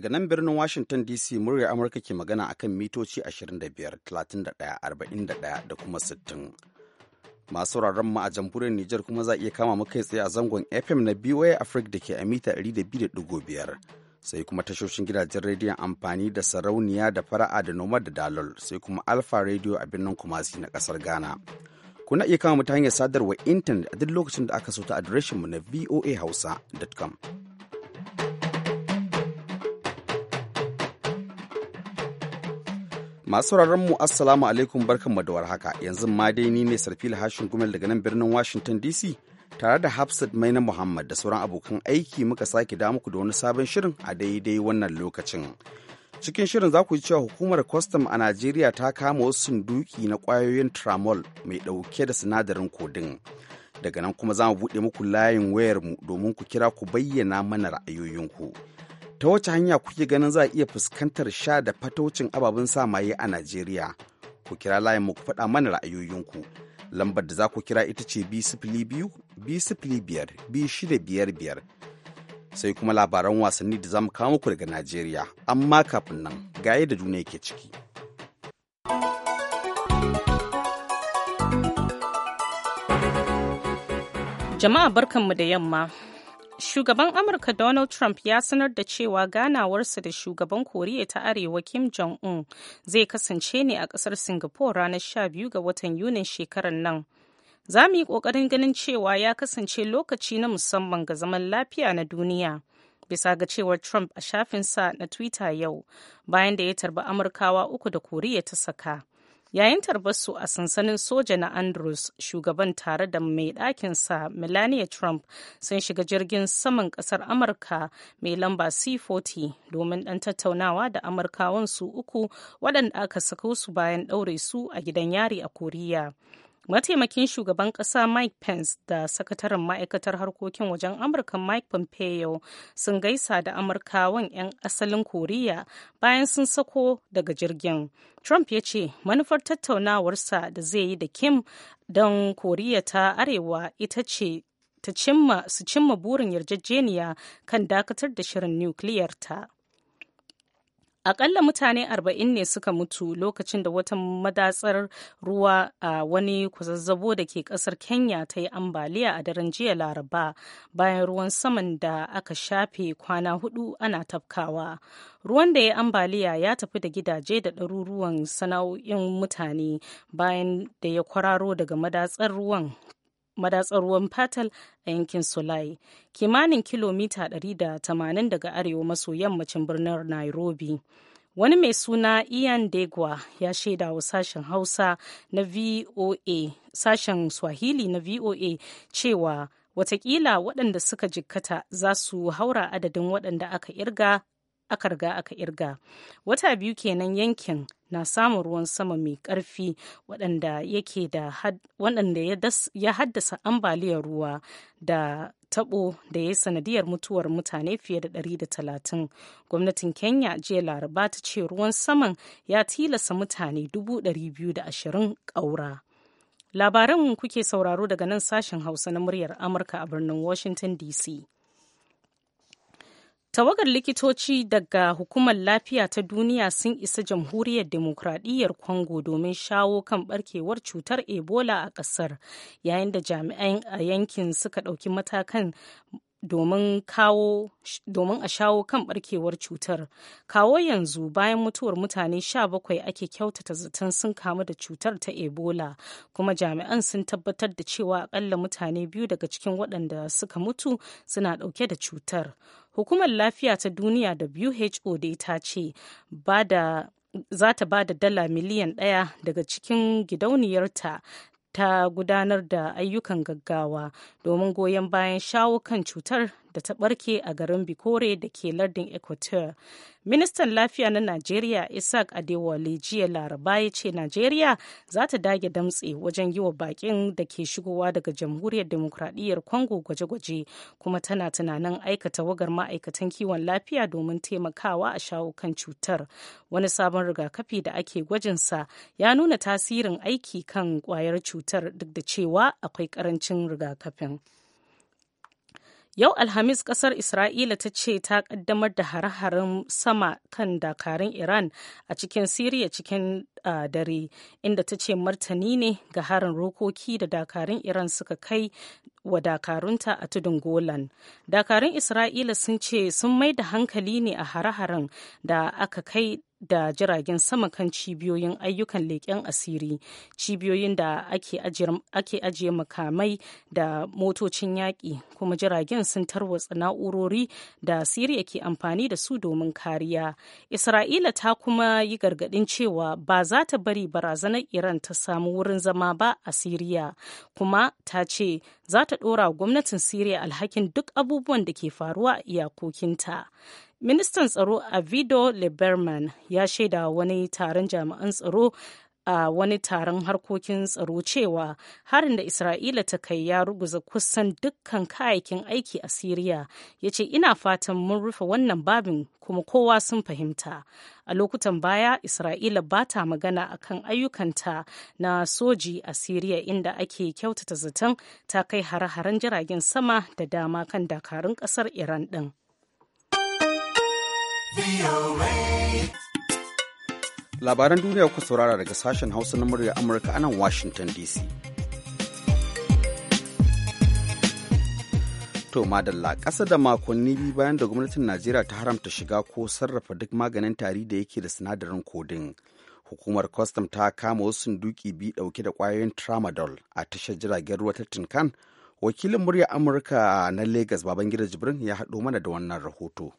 Daga nan birnin Washington DC muryar Amurka ke magana akan mitoci 25, 31, 41 da kuma 60. Masu sauraron mu a jamhuriyar Nijar kuma za a iya kama mu kai tsaye a zangon FM na BOA Africa da ke a mita 200.5. Sai kuma tashoshin gidajen rediyon amfani da sarauniya da fara'a da noma da dalol sai kuma Alfa Radio a birnin Kumasi na kasar Ghana. Kuna iya kama mu ta hanyar sadarwar intanet a duk lokacin da aka so ta adireshinmu na voahausa.com. Masu mu Assalamu alaikum barkanmu da warhaka yanzu ma dai ni ne Sarfil Hashin Gumel daga nan birnin Washington DC tare da Hafsat Maina Muhammad da sauran abokan aiki muka sake da muku da wani sabon shirin a daidai wannan lokacin. Cikin shirin za ku ji cewa hukumar kwastam a Najeriya ta kama wasu sunduki na kwayoyin tramol mai dauke da sinadarin kodin. Daga nan kuma za mu buɗe muku layin wayarmu domin ku kira ku bayyana mana ra'ayoyinku. ta wace hanya kuke ganin za a iya fuskantar sha da fatocin ababen sa a najeriya ku kira layin mu ku faɗa mana ra'ayoyinku lambar da za ku kira ita ce b biyu b biyar b shida biyar biyar sai kuma labaran wasanni da za mu kawo muku daga najeriya amma kafin nan ga yadda duniya yake ciki jama'a barkanmu da yamma Shugaban Amurka Donald Trump ya sanar da cewa ganawarsa da shugaban Koriya ta Arewa Kim Jong-un zai kasance ne a ƙasar Singapore ranar sha biyu ga watan Yunin shekarar nan. Za mu yi ƙoƙarin ganin cewa ya kasance lokaci na musamman ga zaman lafiya na duniya. bisa ga cewar Trump a shafinsa na Twitter yau bayan da ya tarba Amurkawa uku da Koriya ta saka. yayin tarbarsu a sansanin soja na andrews shugaban tare da mai ɗakinsa melania trump sun shiga jirgin saman ƙasar amurka mai lamba c40 domin ɗan tattaunawa da amurkawan uku waɗanda aka saka su bayan ɗaure su a gidan yari a koriya mataimakin shugaban kasa mike pence da sakataren ma'aikatar harkokin wajen amurka mike pompeo sun gaisa da amurkawan 'yan asalin koriya bayan sun sako daga jirgin trump ya ce manufar tattaunawarsa da zai yi da kim don koriya ta arewa ita ce ta cimma su cimma burin yarjejeniya kan dakatar da shirin nukiliyarta. ta Akalla mutane arba'in ne suka mutu lokacin da wata madatsar ruwa a wani kwazazzabo da ke kasar Kenya ta yi ambaliya a daren jiya Laraba bayan ruwan saman da aka shafe kwana hudu ana tafkawa. Ruwan da ya ambaliya ya tafi da gidaje da ɗaruruwan sana'o'in mutane bayan da ya kwararo daga madatsar ruwan madatsar ruwan fatal a yankin Sulai, kimanin kilomita 180 daga arewa maso yammacin birnin Nairobi. Wani mai suna Ian Degwa ya shaida wa sashen Hausa na VOA, sashen Swahili na VOA cewa watakila waɗanda suka jikkata za su haura adadin waɗanda aka irga aka riga aka irga wata biyu kenan yankin na samun ruwan sama mai karfi waɗanda ya haddasa ambaliyar ruwa da tabo da ya sanadiyar mutuwar mutane fiye da 130 gwamnatin kenya jiya laraba ta ce ruwan saman ya tilasa mutane 220 ƙaura labaran kuke sauraro daga nan sashen hausa na muryar amurka a birnin washington dc Tawagar likitoci daga Hukumar Lafiya ta Duniya sun isa Jamhuriyar demokradiyyar Congo domin shawo kan barkewar cutar Ebola a ƙasar, yayin da jami'ai a yankin suka ɗauki matakan domin a shawo kan barkewar cutar kawo yanzu bayan mutuwar mutane 17 ake kyautata zaton sun kamu da cutar ta ebola kuma jami'an sun tabbatar da cewa akalla mutane biyu daga cikin waɗanda suka mutu suna ɗauke da cutar hukumar lafiya ta duniya da who dai ta ce ba da za ba da dala miliyan ɗaya daga cikin gidauniyarta ta gudanar da ayyukan gaggawa domin goyon bayan shawo kan cutar da ta barke a garin Bikore da ke lardin ecuador Ministan Lafiya na Najeriya Isaac Adewale jiya Laraba ya ce Najeriya za ta dage damtse wajen yi wa bakin da ke shigowa daga Jamhuriyar Demokradiyyar Congo gwaje-gwaje kuma tana tunanin aikata wagar ma'aikatan kiwon lafiya domin taimakawa a shawo kan cutar. Wani sabon rigakafi da ake gwajinsa ya nuna tasirin aiki kan kwayar cutar duk da cewa akwai karancin rigakafin. Yau Alhamis kasar Isra'ila ta ce ta kaddamar da hare-haren sama kan dakarun Iran a cikin Siriya cikin uh, dare, inda ta ce martani ne ga harin rokoki da dakarun Iran suka kai wa dakarunta a tudun Golan. Dakarun Isra'ila sun ce sun mai da hankali ne a hare-haren da aka kai da jiragen sama kan cibiyoyin ayyukan leƙen asiri cibiyoyin da ake ajiye makamai da motocin yaƙi kuma jiragen sun tarwatsa na'urori da siriya ke amfani da su domin kariya isra'ila ta kuma yi gargaɗin cewa ba za ta bari barazanar iran ta samu wurin zama ba a siriya kuma ta ce za ta ɗora gwamnatin siriya alhakin duk abubuwan da ke faruwa a iyakokinta ministan tsaro avido liberman ya shaida wani taron jami'an tsaro a wani taron harkokin tsaro cewa harin da isra'ila ta kai ya ruguza kusan dukkan kayayyakin aiki a siriya ya ce ina fatan mun rufe wannan babin kuma kowa sun fahimta a lokutan baya isra'ila ba ta magana kan ayyukanta na soji a siriya inda ake kyautata zaton ta kai hare-haren jiragen sama da dama kan dakarun kasar iran din Labaran duniya kuka saurara daga sashen Hausa na murya Amurka anan Washington DC. To madalla ƙasa da makonni biyu bayan da gwamnatin Najeriya ta haramta shiga ko sarrafa duk maganin tari da yake da sinadarin kodin. Hukumar Custom ta kama wasu duki biyu ɗauke da ƙwayoyin tramadol a tashar jiragen ruwa ta Tinkan. Wakilin murya Amurka na Legas Babangida Jibrin ya haɗo mana da wannan rahoto.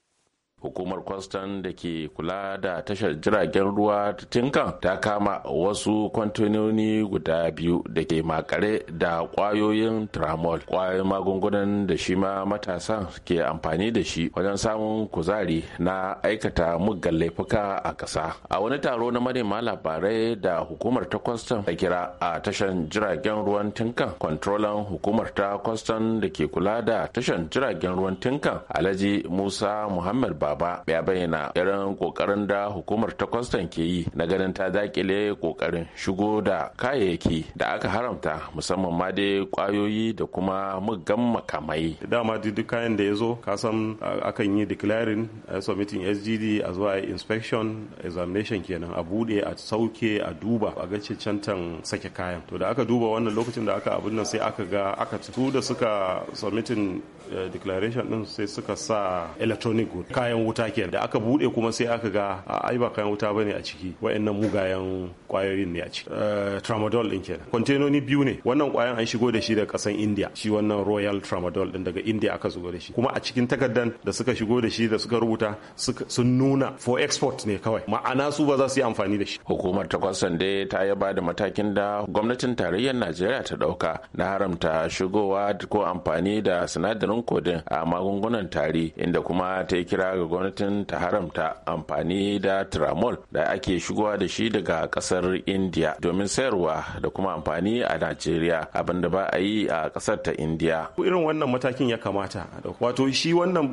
hukumar kwastan da ke kula da tashar jiragen ruwa ta tinkan ta kama wasu kwantononi guda biyu da ke makare da kwayoyin tramol kwayoyin magungunan da shi ma matasa ke amfani da shi wajen samun kuzari na aikata muggan laifuka a ƙasa a wani taro na manema labarai da hukumar ta kwastan ta kira a tashar jiragen ruwan tinkan kwantrolan hukumar ta kwastan da ke kula da tashar jiragen ruwan tinkan alhaji musa muhammad ba ba ya bayyana irin kokarin da hukumar ta kwastan ke yi na ganin ta dakile kokarin shigo da kayayyaki da aka haramta musamman ma dai kwayoyi da kuma muggan makamai dama duk kayan da ya zo kasan akan yi declaring submitting sgd a zuwa inspection examination kenan a bude a sauke a duba a ga cancantan sake kayan to da aka duba wannan lokacin da aka abin nan sai aka ga aka su da suka submitting eh, declaration din sai suka sa electronic good kayan kayan wuta kenan da aka bude kuma sai aka ga ai ba kayan wuta bane a ciki wayannan mugayen kwayoyin ne a ciki eh, tramadol din kenan kwantenoni biyu ne wannan kwayan an shigo da shi daga kasan India shi wannan Royal Tramadol din daga India aka shigo da shi kuma a cikin takardan da suka shigo da shi da suka rubuta sun nuna for export ne kawai ma'ana su ba za su yi amfani da shi hukumar ta kwasan dai ta ba da matakin da gwamnatin tarayyar Najeriya ta dauka na haramta shigowa ko amfani da sinadarin kodin a magungunan tari inda kuma ta yi kira ga gwamnatin ta haramta amfani da tramol da ake shigowa da shi daga kasar india domin sayarwa da kuma amfani a najeriya abin da ba a yi a kasar ta india irin wannan matakin ya kamata wato shi wannan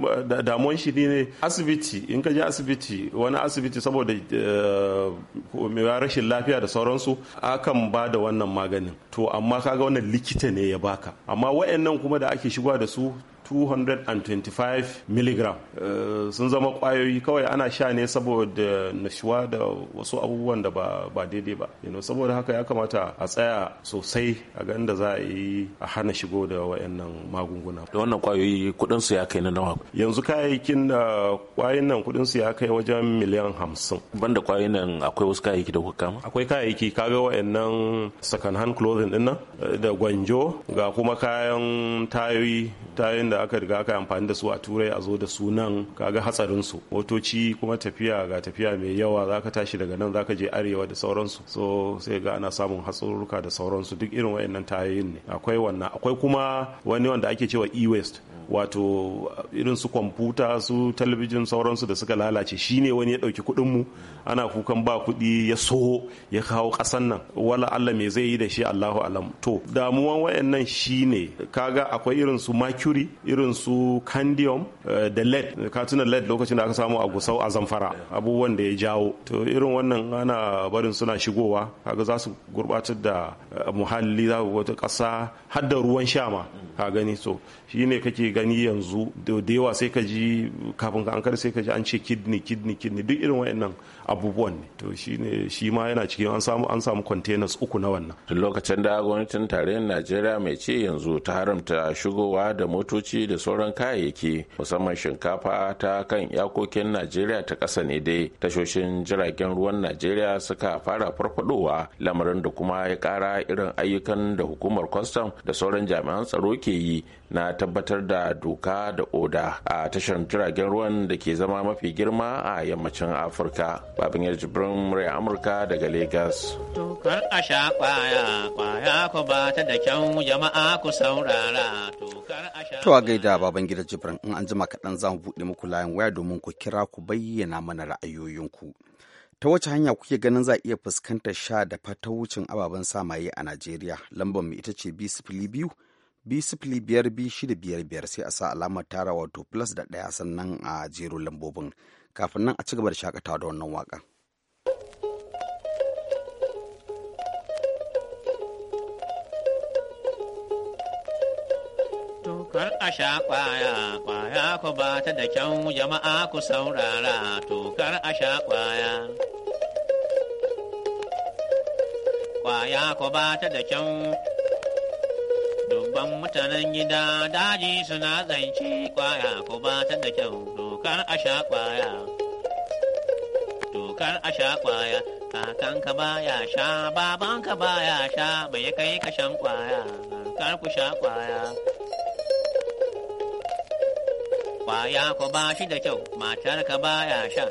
damuwan shi ne asibiti in ka je asibiti wani asibiti saboda eh, rashin lafiya da sauransu akan ba da wannan maganin to amma kaga wannan likita ne ya baka amma wayannan kuma da ake shigowa da su 225 mg eh, sun zama kwayoyi kawai ana sha ne saboda nashuwa da wasu abubuwan da ba daidai ba saboda haka ya kamata a tsaya sosai a ga da za a yi a hana shigo da wayannan magunguna da wannan kwayoyi kudin su ya kai na nawa yanzu kayayyakin da eh, kwayoyin nan kudin su ya kai wajen miliyan hamsin banda kwayoyin nan akwai wasu kayayyaki da kuka kama akwai kayayyaki kaga wayannan second hand clothing din nan eh, da gwanjo ga kuma kayan tayoyi tayoyin da da aka riga aka amfani da su a turai a zo da sunan. nan kaga hatsarin su motoci kuma tafiya ga tafiya mai yawa zaka tashi daga nan zaka je arewa da sauransu so sai ga ana samun hatsurruka da sauransu duk irin wayannan tayoyin ne akwai wannan akwai kuma wani wanda ake cewa e west wato irin su kwamfuta su talabijin sauransu da suka lalace shine wani ya dauki kuɗin mu ana kukan ba kuɗi ya soho ya kawo kasan nan wala Allah me zai yi da shi Allahu alam to damuwan wayannan shine kaga akwai irin su mercury irin su candium eh, da led katunan led lokacin da aka samu a gusau a zamfara abubuwan da ya jawo to irin wannan ana barin suna shigowa kaga za su gurbatar da eh, muhalli za ku wata ƙasa har da ruwan sha ma ka gani so shi ne kake gani yanzu da yawa sai ka ji kafin ka an kar sai ka ji an ce kidney kidney kidney duk irin wayannan abubuwan ne to ne shi ma yana cikin an samu an samu containers uku na wannan tun lokacin da gwamnatin tarayyar najeriya mai ce yanzu ta haramta shigowa da motoci da sauran kayayyaki musamman shinkafa ta kan yakokin najeriya ta ƙasa ne dai tashoshin jiragen ruwan najeriya suka fara farfadowa lamarin da kuma ya ƙara irin ayyukan da hukumar kwastam da sauran jami'an tsaro ke yi na tabbatar da doka da oda a tashar jiragen ruwan da ke zama mafi girma a yammacin afirka babin ya jibrin murya amurka daga Legas. dokar a sha kwaya kwaya ku da kyau jama'a ku saurara a sha to a gaida baban gida jibrin in an jima kaɗan za buɗe muku layin waya domin ku kira ku bayyana mana ra'ayoyinku ta wace hanya kuke ganin za a iya fuskantar sha da wucin ababen samaye a najeriya lambar mu ita ce biyu sifili biyu biyar sai a sa alamar tara wato plus da ɗaya sannan a jero lambobin kafin nan a ci gaba da shakatawa da wannan waka tokar a sha kwaya, kwaya ku ba ta da kyau jama'a ku saurara, tokar a sha kwaya. Kwaya ku ba ta da kyau babban mutanen gida daji suna zance kwaya ko ba ta da kyau dokar a sha kwaya. Dokar a sha kwaya, kakan ba ya sha, babanka ba ya sha, bai kai ka shan kwaya, kar ku sha kwaya. Kwaya ko ba shi da kyau, ka ba ya sha.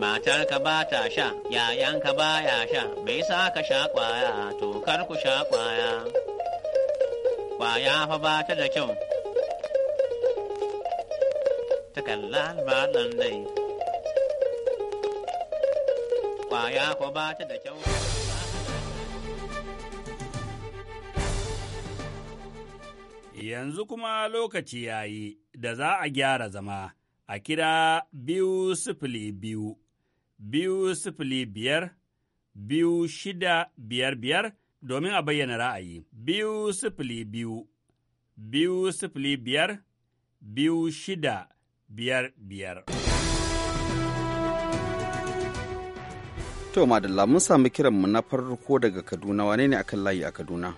matar ka ba ta sha, yayan ba ya sha, me yasa ka sha kwaya, to kar ku sha kwaya. kwaya fa ba ta da kyau. ta ba lalmalan dai. Kwaya fa ba ta da kyau. Yanzu kuma lokaci ya yi da za a gyara zama a kira biyu sifili biyu, biyu sifili biyar, biyu shida biyar biyar domin a bayyana ra'ayi. Biyu sifili biyu, biyu sifili biyar, biyu shida biyar biyar. To Madalla mun sami kiranmu na farko daga Kaduna wane ne akan layi a Kaduna?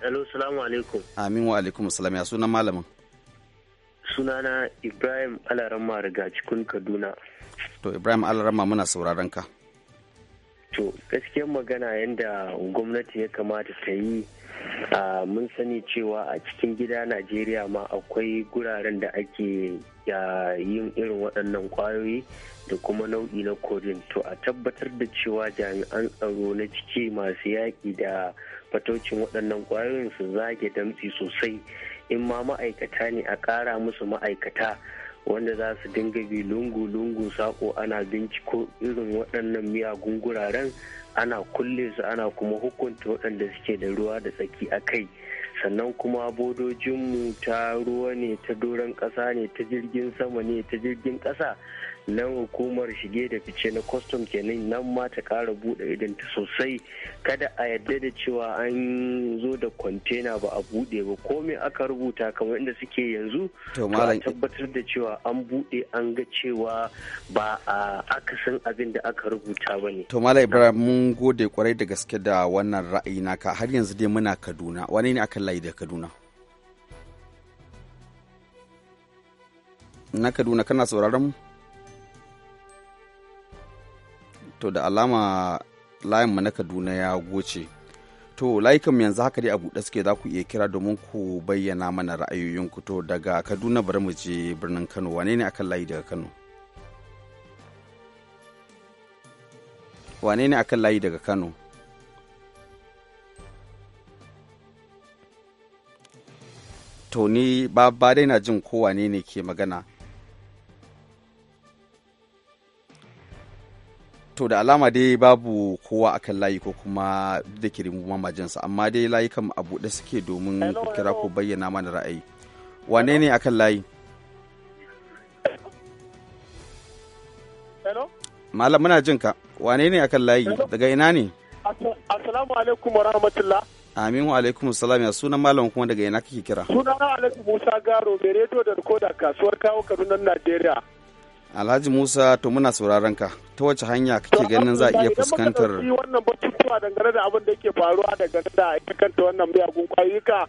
Hello, salamu alaikum. Amin wa alaikum salam ya suna malamin. Sunana Ibrahim Alaramma daga cikin Kaduna. To Ibrahim Alaramma muna sauraron ka. to gaskiyar magana yadda gwamnati ya kamata ta yi a mun sani cewa a cikin gida najeriya ma akwai guraren da ake yin irin waɗannan kwayoyi da kuma nau'i na kodin to a tabbatar da cewa jami'an tsaro na ciki masu yaƙi da fatocin waɗannan kwayoyin su zage damtsi sosai in ma ma'aikata ne a ƙara musu ma'aikata wanda za su dinga bi lungu-lungu sako ana binciko irin waɗannan miyagun guraren ana kulle su ana kuma hukunta waɗanda suke da ruwa da tsaki a kai sannan kuma bodojinmu ta ruwa ne ta doron ƙasa ne ta jirgin sama ne ta jirgin ƙasa nan hukumar shige da fice na kwastam kenan nan ma ta kara bude idanta sosai kada a yadda da cewa an zo da kwantena ba a bude ba komai aka rubuta kamar inda suke yanzu to tabbatar da cewa an bude an ga cewa ba a akasin abin da aka rubuta ba ne to malam ibrahim mun gode kwarai da gaske da wannan ra'ayi naka har yanzu dai muna kaduna wani ne akan layi da kaduna na kaduna kana sauraron mu to da alama mu na kaduna ya goce to mu yanzu haka dai a buɗe suke za ku iya kira domin ku bayyana mana ra'ayoyinku to daga kaduna bari mu je birnin kano wane ne akan layi daga kano wane ne akan layi daga kano to ni ba dai na jin ko wane ne ke magana to da alama dai babu kowa a kan layi ko kuma da ke rimuwa majinsa amma dai layukan a buɗe suke domin kira ko bayyana mana ra'ayi wane ne a kan layi malam muna jin ka wane ne a kan layi daga ina ne assalamu alaikum wa rahmatullah Aminu alaikum salam ya sunan malam kuma daga ina kake kira sunana alaikum musa garo mai rediyo da rikoda kasuwar kawo kaduna najeriya Alhaji Musa to muna sauraron ka ta wace hanya kake ganin za a iya fuskantar wannan batutuwa dangane da abin da yake faruwa daga da ita kanta wannan miyagun kwayoyika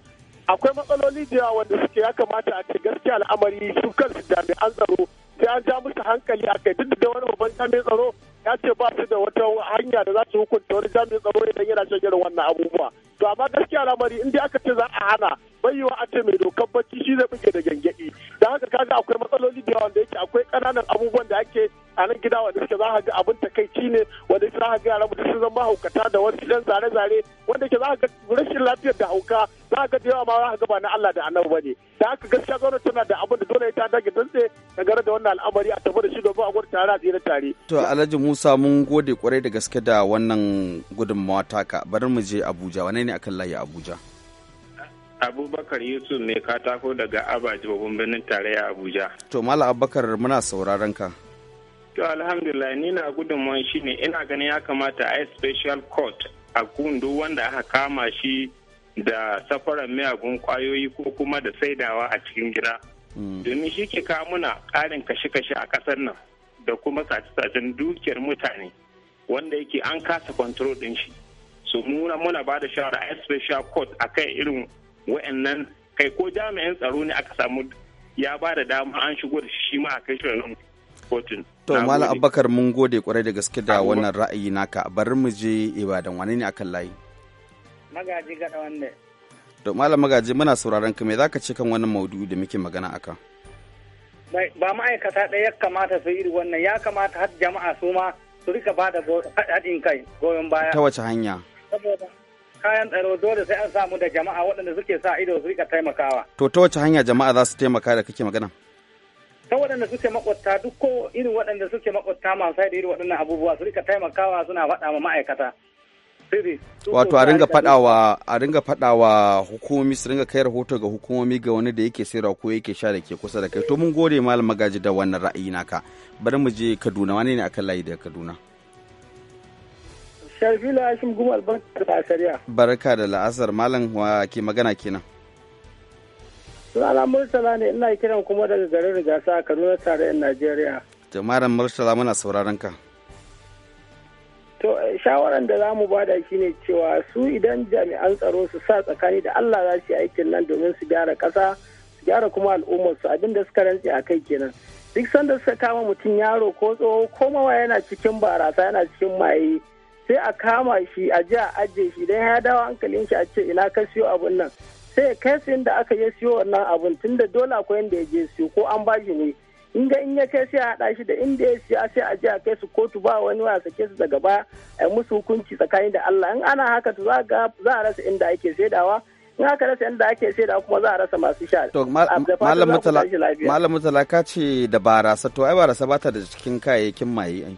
akwai matsaloli da yawa wanda suke ya kamata a ce gaskiya al'amari su kansu jami'an tsaro sai an ja musu hankali a kai duk da wani babban jami'in tsaro ya ce ba su da wata hanya da za su hukunta wani jami'in tsaro idan yana shan irin wannan abubuwa to amma gaskiya lamari in dai aka ce za a hana baiwa a ce mai dokar bacci shi zai buge da gangadi da haka kaga akwai matsaloli da yawa da yake akwai ƙananan abubuwan da ake a nan gida wanda suke za ka ga abin takaici ne wanda za ka ga yaran da sun zama haukata da wasu yan zare-zare wanda ke za ka ga rashin lafiyar da hauka za ka ga da yawa ma za ka ga ba na Allah da annabi ne da haka gaskiya gwamnati tana da abin da dole ta dage dantse dangane da wannan al'amari a tafi da shi domin a gwada tare a tsira tare. To Alhaji Musa mun gode kwarai da gaske da wannan gudunmawa taka bari mu je Abuja wane ne akan layi Abuja? abubakar yusuf mai katako daga abaji babban birnin tarayya abuja to mala abubakar muna sauraron ka To alhamdulillah ni na gudunmuwan shi ne ina ganin ya kamata a special court a gundu wanda aka kama shi da safaran miyagun kwayoyi ko kuma da saidawa a cikin gida. Hmm. Domin shi ke kawo muna ƙarin kashe-kashe a kasar nan da kuma sace-sacen dukiyar mutane wanda yake an kasa control din shi. So muna muna ba da shawara a special court a kai irin wa'annan kai ko jami'in tsaro ne aka samu ya ba da dama an shigo da shi ma a kai shi kotun. to Mala abubakar mun gode kwarai da gaske da wannan ra'ayi naka bari mu je ibadan wane ne akan layi magaji gada wanda to Mala magaji muna sauraron ka me zaka ce kan wannan maudu'i da muke magana aka ba ma'aikata ɗaya ya kamata su iri wannan ya kamata har jama'a su ma su rika ba da haɗin kai goyon baya ta wace hanya kayan tsaro dole sai an samu da jama'a waɗanda suke sa ido su rika taimakawa to ta wace hanya jama'a za su taimaka da kake magana ta waɗanda suke makwabta duk ko irin waɗanda suke makwabta masu da irin waɗannan abubuwa su rika taimakawa suna faɗa ma ma'aikata wato a ringa faɗawa a ringa faɗawa hukumomi su ringa kai rahoto ga hukumomi ga wani da yake sai ko yake sha da ke kusa da kai to mun gode malam magaji da wannan ra'ayi naka bari mu je Kaduna wani ne akan layi da Kaduna Sharfila Hashim Gumal barka da barka da la'asar malam wa ke magana kenan Sunana Murtala ne ina kiran kuma daga garin Rigasa a Kaduna tarayyar Najeriya. To Murtala muna sauraron ka. To eh, shawaran da za mu bada shi ne cewa su idan jami'an tsaro su sa tsakani da Allah za su yi aikin nan domin su gyara kasa su gyara kuma al'ummarsu abin da suka rantse a kai kenan. Duk sanda suka kama mutum yaro ko tsoho ko mawa yana cikin barasa yana cikin maye sai a kama shi a ji a ajiye shi idan ya dawo hankalin shi a ce ina ka siyo abun nan sai kai sayin da aka yi siyo wannan abun tunda dole akwai inda ya je siyo ko an bashi ne in ga in ya kai sai a haɗa shi da inda ya siya sai a je a kai su kotu ba wani wa sake su daga baya a musu hukunci tsakani da Allah in ana haka to za a rasa inda ake saidawa in aka rasa inda ake saidawa kuma za a rasa masu sha to malam mutala ka ce da barasa to ai barasa ba ta da cikin kayayyakin maye ai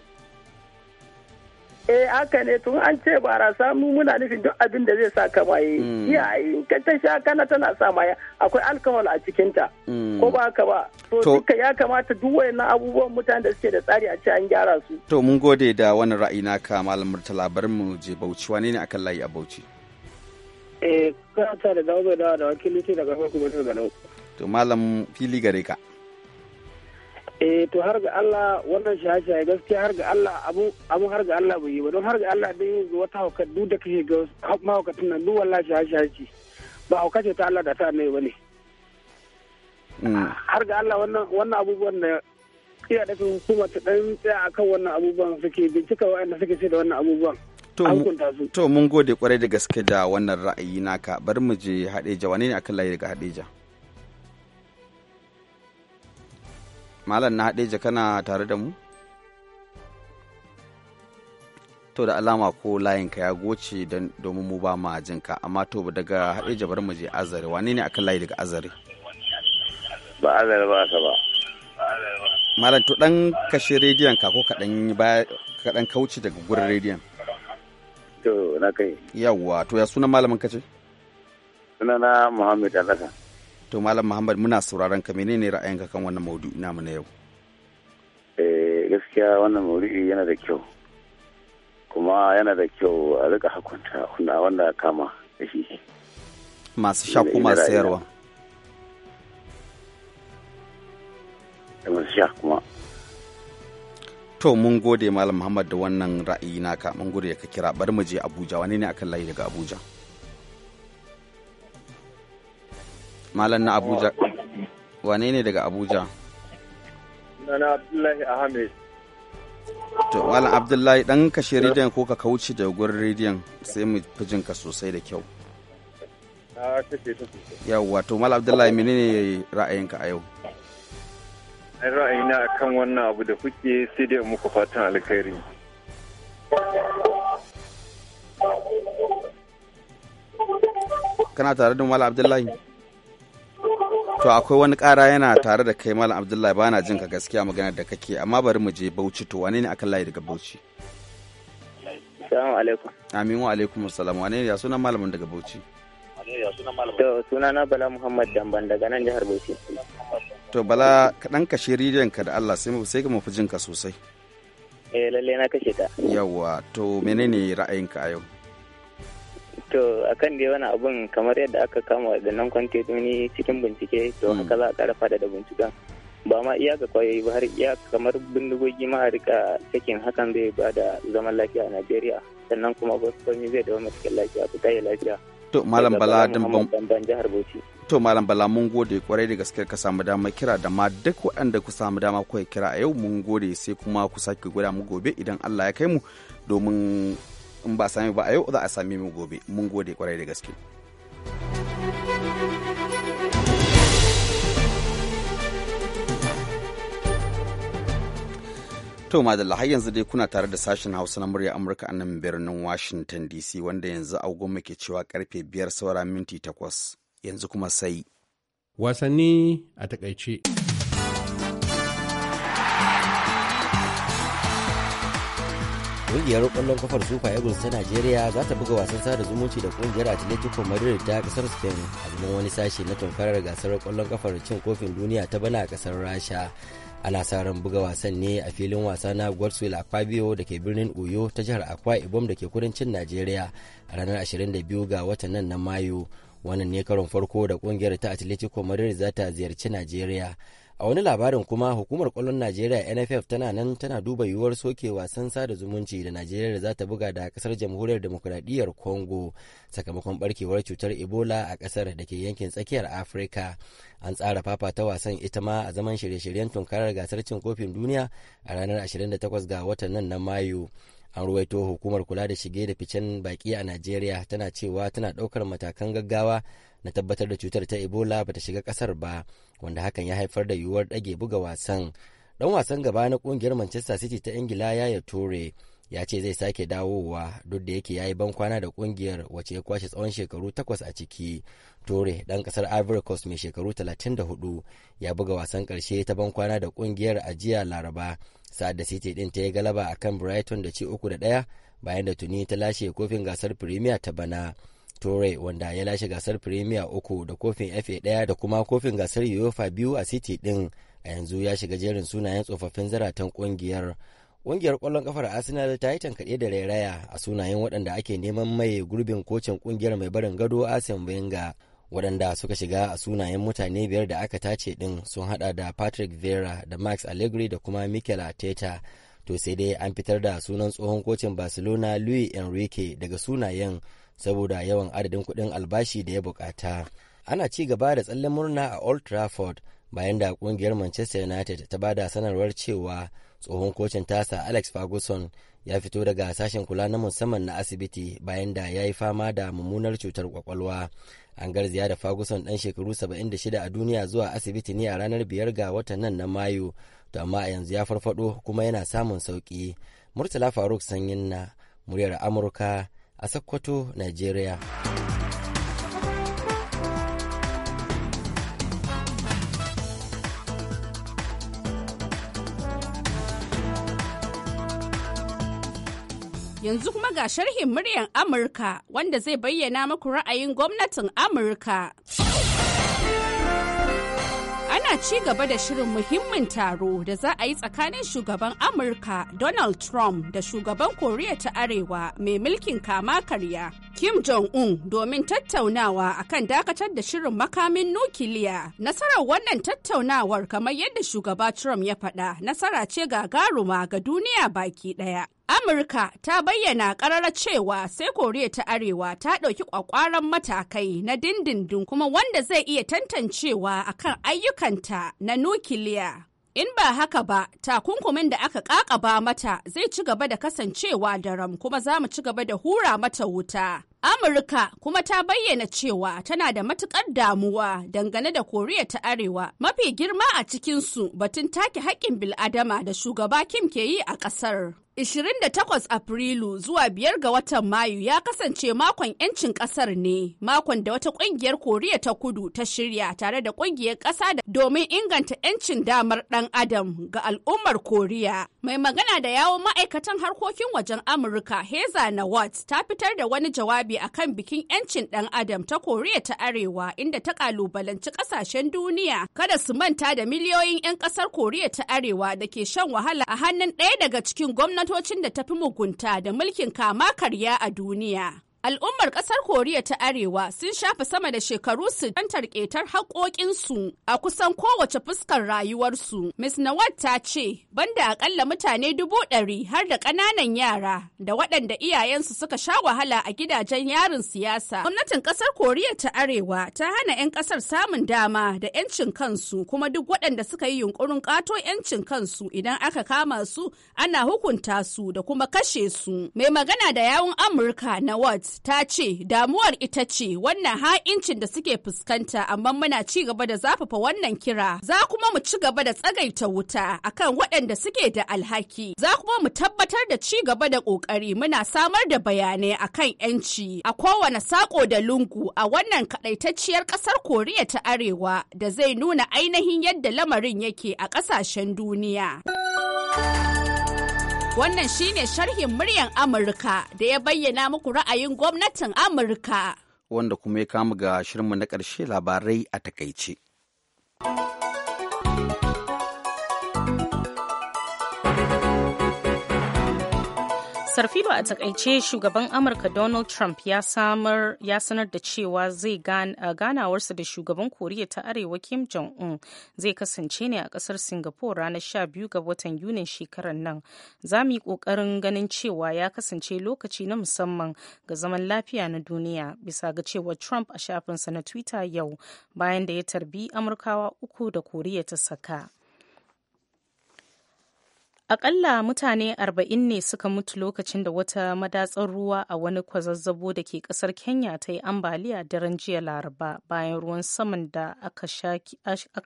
eh haka ne tun an ce bara samu muna nufin duk abin da zai sa ka maye mm. iya in ka ta sha kana tana sa maye akwai alkawal a cikin ta mm. ko ba haka ba to duka ya kamata duk wayannan abubuwan mutanen da suke da tsari a ce an gyara su to mun gode da wannan ra'ayi ka malam murtala bari mu je Bauchi wane ne akan layi a Bauchi eh kana ta da dawo da wakilci daga hukumar Gano to malam fili gare ka eh to har ga Allah wannan shaye-shaye gaskiya har ga Allah abu abu har ga Allah bai yi ba don har ga Allah dai yanzu wata hauka duk da kake ga mahaukatan nan duk wallahi shaye-shaye ce ba hauka ce ta Allah da ta ba bane hmm. ah, har ga Allah wannan wannan abubuwan da iya da kuma ta dan tsaya akan wannan abubuwan suke bincika wa'anda suke ce da wannan abubuwan to mun gode kwarai da gaske da wannan ra'ayi naka bari mu je hadeja wane ne akan layi daga hadeja malam na jaka kana tare da mu to da alama ko layinka ya goce domin mu ba ma jinka amma to daga haɗe jabar mu je azare wa ne akan layi daga azare ba azare ba ka ba malam to dan kashe rediyon ka ko kaɗan kaɗan kauce daga gurin rediyon to na kai yawwa to ya sunan malamin kace na muhammad alhassan to malam muhammad muna sauraron ka menene ra'ayinka kan wannan maudu'i namu na yau eh gaskiya wannan maudu'i yana da kyau kuma yana da kyau a rika hakunta wanda wanda kama da shi masu sha ko masu sayarwa masu sha kuma to mun gode malam muhammad da wannan ra'ayi naka mun gode ka kira bari mu je abuja wani ne akan layi daga abuja malam na abuja wane ne daga abuja na abdullahi ahmed to malam abdullahi dan kashe rediyon ko ka kauce da gurin rediyon sai mu fi jin ka sosai da kyau yawwa to malam abdullahi menene ra'ayinka a yau ai ra'ayina kan wannan abu da kuke sai dai muku fatan alkhairi kana tare da malam abdullahi to akwai wani kara yana tare da kai malam abdullahi na jin ka gaskiya maganar da kake amma bari mu je bauchi to wane ne akan layi daga bauchi assalamu alaikum amin wa alaikum assalam wane ne ya suna malamin daga bauchi to sunana bala muhammad damban daga nan jihar bauchi to bala kaɗan kashe rediyon ka da allah sai mu sai mu fi jin ka sosai eh lalle na kashe ta Yawwa to menene ra'ayinka a yau to akan dai wani abun kamar yadda aka kama waɗannan kwantetoni cikin bincike to hmm. haka za a fada da binciken ba ma iya ga kwayoyi ba har iya kamar bindigogi ma a rika cikin hakan zai ba da zaman lafiya a najeriya sannan kuma gwamnati zai da wani cikin lafiya ku tayi lafiya to malam bala din ban jihar bauchi to malam bala mun gode kwarai da gaske ka samu dama kira da ma duk waɗanda ku samu dama kuka kira a yau mun gode sai kuma ku sake gwada mu gobe idan Allah ya kai mu domin in ba sami ba a yau za a sami mu gobe mun gode kwarai da gaske To madalla har yanzu dai kuna tare da sashen Hausa na murya Amurka a nan birnin Washington DC wanda yanzu agogon ke cewa karfe biyar saura minti takwas yanzu kuma sai. Wasanni a takaice. Ƙungiyar kwallon kafar Super Eagles ta Najeriya za ta buga wasan sada zumunci da ƙungiyar Atletico Madrid ta kasar Spain a zaman wani sashe na tunkarar gasar kwallon kafar cin kofin duniya ta bana a ƙasar Rasha. Ana sa ran buga wasan ne a filin wasa na Godswill Akpabio da ke birnin Oyo ta jihar Akwa Ibom da ke kudancin Najeriya a ranar 22 ga watan nan na Mayu. Wannan ne karon farko da ƙungiyar ta Atletico Madrid za ta ziyarci Najeriya. a wani labarin kuma hukumar kwallon najeriya nff tana nan tana duba yiwuwar soke wasan sada zumunci da najeriya da za ta buga da kasar jamhuriyar demokuraɗiyyar congo sakamakon barkewar cutar ebola a kasar da ke yankin tsakiyar afirka an tsara fafa ta wasan ita ma a zaman shirye-shiryen tunkarar gasar cin kofin duniya a ranar 28 ga watan nan na mayu an ruwaito hukumar kula da shige da ficen baki a najeriya tana cewa tana ɗaukar matakan gaggawa na tabbatar da cutar ta ebola bata shiga ƙasar ba wanda hakan ya haifar da yiwuwar ɗage buga wasan dan wasan gaba na ƙungiyar manchester city ta ingila ya yaya ture ya ce zai sake dawowa duk da yake ya yi kwana da kungiyar wace ya kwashe tsawon shekaru takwas a ciki ture dan kasar ivory coast mai shekaru 34 ya buga wasan karshe ta ban kwana da ƙungiyar a jiya laraba sa'ad da city din ta yi galaba akan brighton da ci uku da daya bayan da tuni ta lashe kofin gasar premier ta bana Toure wanda ya lashe gasar Premier uku da kofin FA ɗaya da kuma kofin gasar UEFA biyu a City ɗin a yanzu ya shiga jerin sunayen tsofaffin zaratan kungiyar Ƙungiyar kwallon kafar Arsenal ta yi tankaɗe da rairaya a sunayen waɗanda ake neman mai gurbin kocin ƙungiyar mai barin gado Arsene Wenger. Waɗanda suka shiga a sunayen mutane biyar da aka tace ɗin sun haɗa da Patrick vera da Max Allegri da kuma Mikel Arteta. To sai dai an fitar da sunan tsohon kocin Barcelona Luis Enrique daga sunayen saboda yawan adadin kuɗin albashi da ya bukata. Ana ci gaba da tsallen murna a Old Trafford bayan da kungiyar Manchester United ta bada sanarwar cewa tsohon kocin tasa Alex Ferguson ya fito daga sashen kula na musamman na asibiti bayan da ya yi fama da mummunar cutar kwakwalwa. An garziya da Ferguson dan shekaru 76 a duniya zuwa asibiti ne a ranar biyar ga watan nan na Mayu, to amma a yanzu ya farfado kuma yana samun sauki. Murtala Faruk Sanyin na muryar Amurka a Sokoto, nigeria. Yanzu kuma ga sharhin muryan Amurka wanda zai bayyana muku ra'ayin gwamnatin Amurka. Ana ci gaba da shirin muhimmin taro da za a yi tsakanin shugaban Amurka Donald Trump da shugaban Koriya ta Arewa mai mulkin kama karya Kim Jong-un domin tattaunawa a kan dakatar da shirin makamin nukiliya. Nasarar wannan tattaunawar kamar yadda shugaba Trump ya faɗa nasara ce gagaruma ga duniya baki ɗaya. Amurka ta bayyana ƙararra cewa sai Koriya ta Arewa ta ɗauki kwakwaran matakai na dindindin kuma wanda zai iya tantancewa akan ayyukanta na nukiliya. In ba haka ba, takunkumin da aka ƙaƙaba mata zai ci gaba da kasancewa da ram kuma za mu ci gaba da hura mata wuta. Amurka kuma ta bayyana cewa tana da matukar damuwa dangane da Koriya ta Arewa mafi girma a cikinsu batun take haƙƙin bil'adama da shugaba Kim ke yi a ƙasar. 28 Afrilu zuwa biyar ga watan Mayu ya kasance makon 'yancin ƙasar ne, makon da wata ƙungiyar Koriya ta kudu ta shirya tare da ƙungiyar ƙasa da domin inganta 'yancin damar ɗan adam ga al'ummar Koriya. Mai magana da yawon ma'aikatan harkokin wajen Amurka Heza Nawat ta fitar da wani jawabi a kan bikin 'yancin ɗan adam ta Koriya ta Arewa inda ta kalubalanci ƙasashen duniya kada su manta da miliyoyin 'yan ƙasar Koriya ta Arewa da ke shan wahala a hannun ɗaya daga cikin gwamnatocin da tafi mugunta da mulkin kama karya a duniya. Al'ummar ƙasar Koriya ta Arewa sun shafe sama da shekaru su tantar ƙetar haƙoƙinsu a kusan kowace fuskar rayuwarsu. Ms. Nawad ta ce, banda aƙalla mutane dubu ɗari har da ƙananan yara da waɗanda iyayensu suka sha wahala a gidajen yarin siyasa. Gwamnatin ƙasar Koriya ta Arewa ta hana 'yan ƙasar samun dama da 'yancin kansu kuma duk waɗanda suka yi yunƙurin ƙato 'yancin kansu idan aka kama su ana hukunta su da kuma kashe su. Mai magana da yawun Amurka Nawad ta ce damuwar ita ce wannan ha'incin da suke fuskanta amma muna ci gaba da zafafa wannan kira za kuma mu ci gaba da tsagaita wuta akan waɗanda suke da alhaki za kuma mu tabbatar da ci gaba da ƙoƙari muna samar da bayanai akan 'yanci a kowane sako da lungu a wannan kaɗaitacciyar ƙasar Koriya ta Arewa da zai nuna ainihin yadda lamarin yake a ƙasashen duniya. Wannan shine sharhin muryan Amurka da ya bayyana muku ra'ayin gwamnatin Amurka. Wanda kuma ya kama ga shirinmu na ƙarshe labarai a takaice. filo a takaice shugaban amurka donald trump ya ya sanar da cewa zai ganawarsa da shugaban koriya ta arewa kim jong-un zai kasance ne a kasar singapore ranar biyu ga watan yunin shekarar nan za mu yi kokarin ganin cewa ya kasance lokaci na musamman ga zaman lafiya na duniya bisa ga cewa trump a shafinsa na twitter yau bayan da ya tarbi amurkawa uku da koriya ta saka Akalla mutane arba'in ne suka mutu lokacin da wata madatsar ruwa a wani kwazazzabo da ke kasar Kenya ta yi ambaliya daren jiya Laraba bayan ruwan saman da aka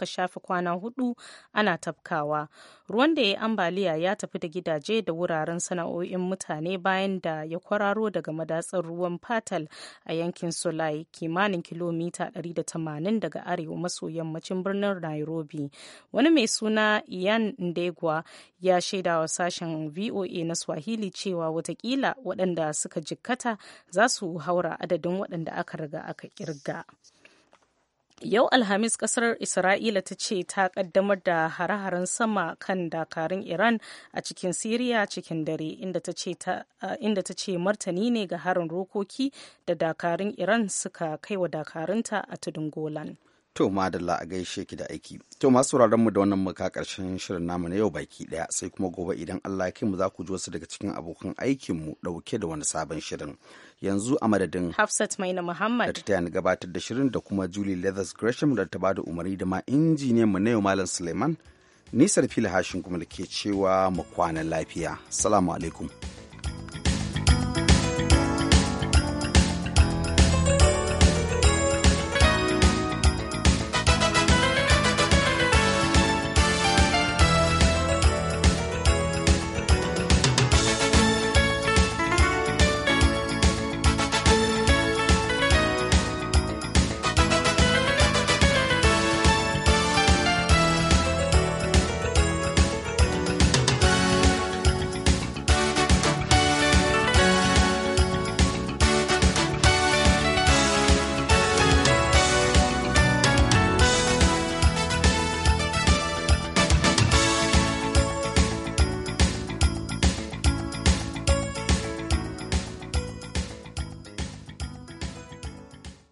shafe kwana hudu ana tafkawa. ruwan da ya ambaliya ya tafi da gidaje da wuraren sana'o'in mutane bayan da ya kwararo daga madatsar ruwan fatal a yankin sulai kimanin kilomita 180 daga arewa maso yammacin birnin nairobi wani mai suna ian ndegwa ya shaidawa sashen voa na swahili cewa watakila waɗanda suka jikkata za su haura adadin waɗanda aka riga aka kirga. Yau Alhamis kasar Isra'ila ta ce ta kaddamar da hare-haren sama kan dakarun Iran a cikin Siriya cikin dare inda ta ce martani ne ga harin rokoki da dakarun Iran suka kai wa dakarunta a tudun Golan. To madalla a gaishe ki da aiki. To masu mu da wannan muka karshen shirin namu na yau baki daya sai kuma gobe idan Allah ya mu za ku ji wasu daga cikin abokan aikin mu dauke da wani sabon shirin. Yanzu a madadin Hafsat Maina Muhammad da ta gabatar da shirin da kuma Julie Leathers Gresham da ta bada umarni da ma injiniyan mu na yau Malam Suleiman. Nisar fili hashin kuma da ke cewa mu kwana lafiya. Assalamu alaikum.